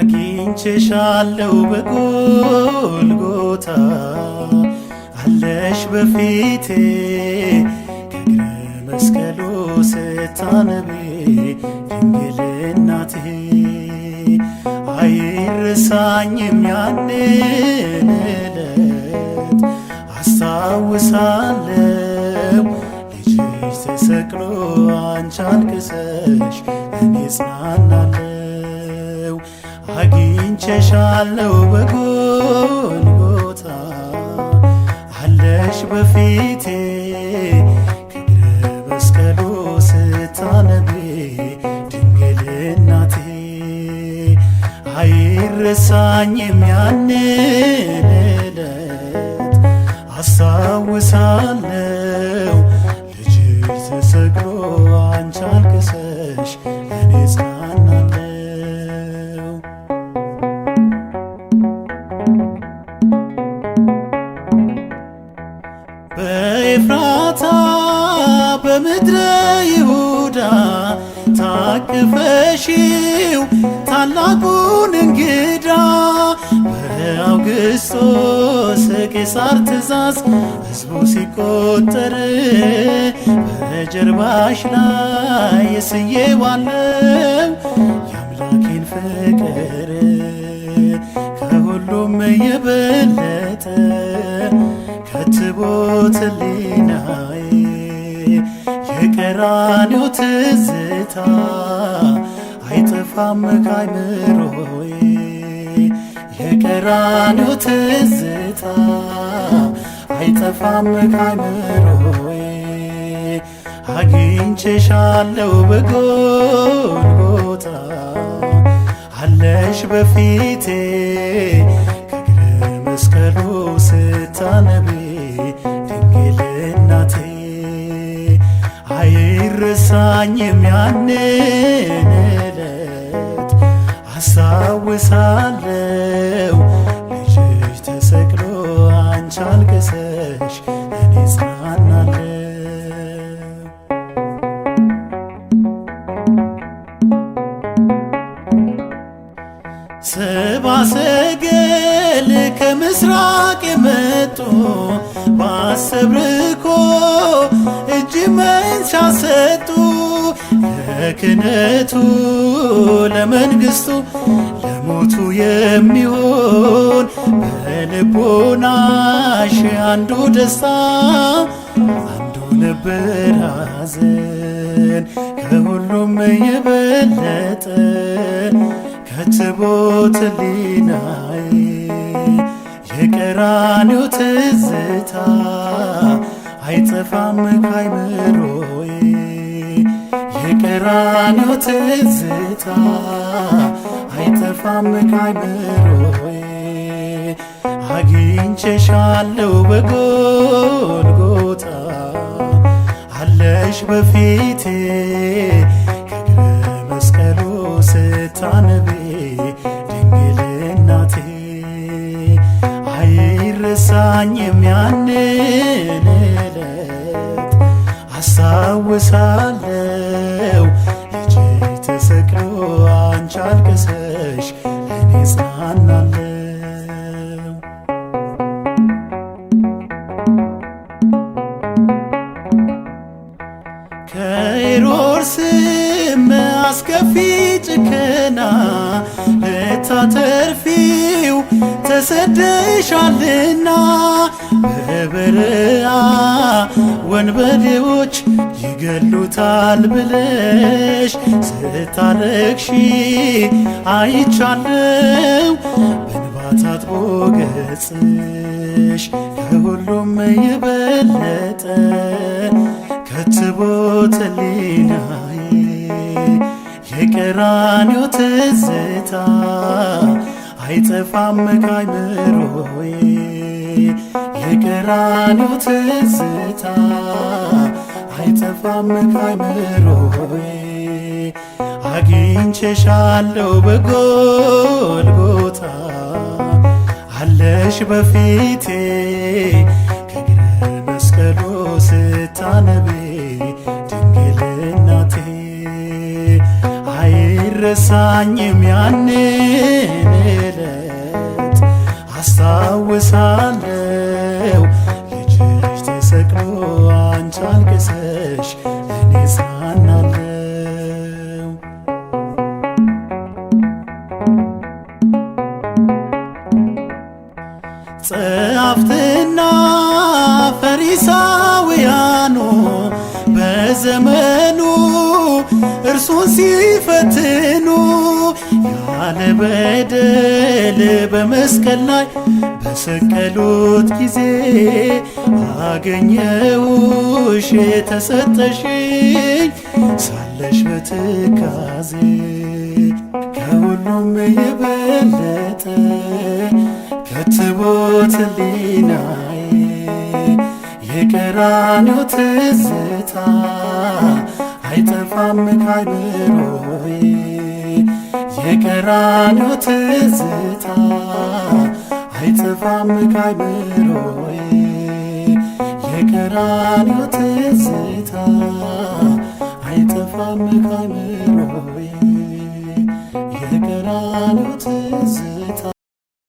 አግኝቼሻለው በጎልጎታ አለሽ በፊቴ ከእግረ መስቀሉ ስታነቢ ድንግል እናቴ አይረሳኝም ያንን ዕለት አስታውሳለው ልጅሽ ተሰቅሎ አንቺ አልቅሰሽ እኔ እጽናናለሁ አግኝቼሻለው በጎልጎታ አለሽ በፊቴ ከግረ መስቀሉ ስታነቢ ድንግል እናቴ አይረሳኝም ያንን ዕለት አስታውሳለ ፈሽው ታላቁን እንግዳ በአውግስጦስ ቄሳር ትእዛዝ ሕዝቡ ሲቆጠር በጀርባሽ ላይ የስዬ ዋለው የአምላኬን ፍቅር ከሁሉም የበለጠ ከትቦት ሊናዬ የቀራኔው ትዝ ውለታ አይጠፋም ከአእምሮዬ የቀራንዮው ትዝታ አይጠፋም ከአእምሮዬ አግኝቼሻለሁ በጎልጎታ አለሽ በፊቴ አይረሳኝም ያንን ዕለት አስታውሳለሁ። ልጅሽ ተሰቅሎ አንቺ አልቅሰሽ እኔ እጽናናለሁ። ሰብአ ሰገል ከምሥራቅ የመጡ በአሰብርኮ መንሻ ሰጡ ለክህነቱ ለመንግስቱ ለሞቱ የሚሆን በልቦናሽ አንዱ ደስታ አንዱ ነበር ሐዘን ከሁሉም የበለጠ ከትቦት ሕሊናዬ የቀራንዮ ትዝታ አይጠፋም ካይምሮዬ የቀራኔው ትዝታ አይጠፋም ካይምሮዬ አግኝቼሻለው በጎልጎታ አለሽ በፊቴ ከግረ መስቀሉ ስታነቢ ድንግል እናቴ አይረሳኝም ያኔ አስታውሳለው ልጄ ተሰቅሎ አንቺ አልቅሰሽ እኔ ጽናናለው። ከሄሮድስም አስከፊ ጭከና ልታተርፊው ተሰደሻልና በበረሃ ወንበዴዎች ይገሉታል ብለሽ ስታረግሺ አይቻለው በንባ ታጥቦ ገጽሽ ከሁሉም የበለጠ ከትቦት ሕሊናዬ የቀራንዮ ትዝታ አይጠፋም ከአይምሮዬ የቀራንዮ ትዝታ አይጠፋም ከአእምሮዬ አግኝቼሻለሁ በጎልጎታ አለሽ በፊቴ ከእግረ መስቀሉ ስታነቢ ድንግል እናቴ አይረሳኝም ያንን ዕለት አስታውሳ ነሽ እኔ ሳናለው ጸሐፍትና ፈሪሳውያኑ በዘመኑ እርሱን ሲፈትኑ ያለ በደል በመስቀል ላይ በሰቀሉት ጊዜ አገኘውሽ የተሰጠሽኝ ሳለሽ በትካዜ ከሁሉም የበለጠ ከትቦት ሊናዬ የቀራኔው ትዝታ አይጠፋም ካይምሮዬ የቀራኔው ትዝታ አይጠፋም ከአእምሮዬ የቀራንዮ ትዝታ አይጠፋም ከአእምሮዬ የቀራንዮ ትዝታ